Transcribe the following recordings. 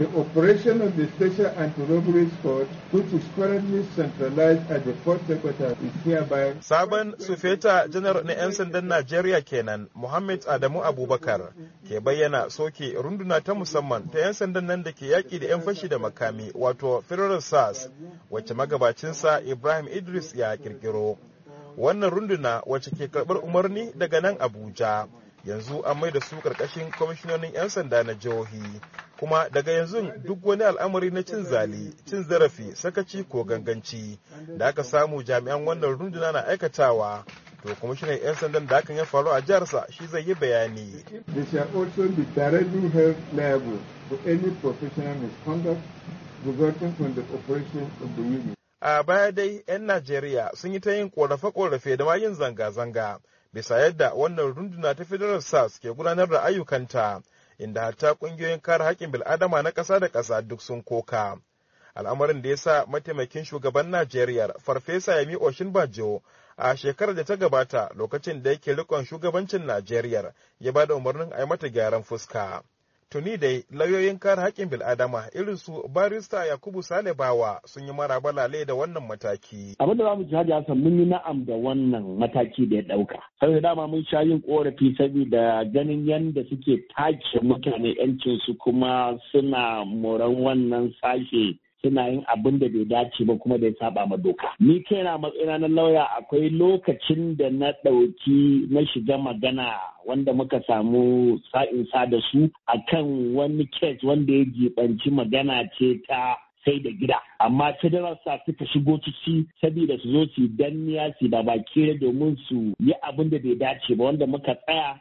The operation of the Special Anti-Robbery Squad, which is currently centralized at the Port Secretary, is hereby... Sabon Sufeta Janar na 'yan sandan Najeriya kenan, Muhammad Adamu Abubakar, ke bayyana soke runduna ta musamman ta 'yan sandan nan da ke yaƙi da 'yan fashi da makami, wato Federal SARS, wacce magabacinsa Ibrahim Idris ya kirkiro. Wannan runduna wacce ke karɓar umarni daga nan Abuja. yanzu an mai da su karkashin kwamishinonin 'yan sanda na jihohi kuma daga yanzu duk wani al'amari na cin zali cin zarafi sakaci ko ganganci da aka samu jami'an wannan runduna na aikatawa to kwamishinan 'yan sandan da hakan ya faru a jiharsa shi zai yi bayani a baya dai 'yan najeriya sun yi ta yin korafe-korafe da ma yin zanga-zanga bisa yadda wannan runduna ta federal sars ke gudanar da ayyukanta inda hatta kungiyoyin kare haƙƙin bil'adama na ƙasa da ƙasa duk sun koka al'amarin da ya sa mataimakin shugaban najeriya farfesa yami oshin bajo a shekarar da ta gabata lokacin da yake rikon shugabancin najeriya ya ba da umarnin a yi mata gyaran fuska tuni dai lauyoyin kare haƙƙin bil'adama irin su barista yakubu salibawa sun yi marabalale da wannan mataki abin da zamu ji hajji mun yi na'am da wannan mataki da ya ɗauka saboda dama mun sha yin korafi saboda ganin yadda suke take mutane yancin su kuma suna moran wannan sashe suna yin abin da bai dace ba kuma da ya saba ma doka ni kaina matsayina na lauya akwai lokacin da na ɗauki na shiga magana wanda muka samu sa da su A kan wani kes wanda ya jibanci magana ce ta sai da gida amma federal sa suka shigo ciki saboda su zo su danniya su da baki domin su yi abin da bai dace ba wanda muka tsaya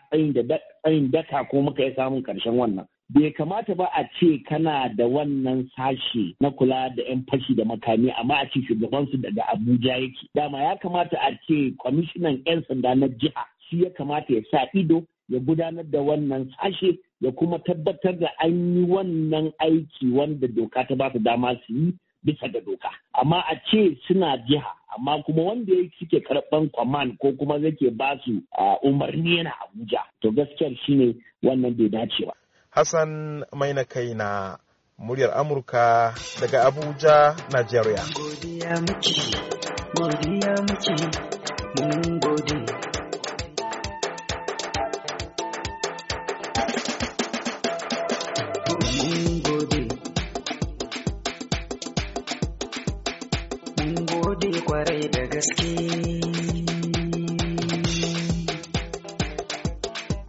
tsayin daka ko muka yi samun karshen wannan bai kamata ba a ce kana da wannan sashe na kula da 'yan fashi da makami amma a ce shugabansu daga abuja yake dama ya kamata a ce kwamishinan 'yan sanda na jiha shi ya kamata ya sa ido ya gudanar da wannan sashe ya kuma tabbatar da an yi wannan aiki wanda doka ta ba su dama su yi bisa da doka amma a ce suna jiha amma kuma wanda ya suke karɓan kwaman ko kuma zake ba su ah, umarni yana abuja to gaskiyar shine wannan bai dace ba Hassan Maina na muryar Amurka daga Abuja, Najeriya. Godiya mun gode. kwarai da gaske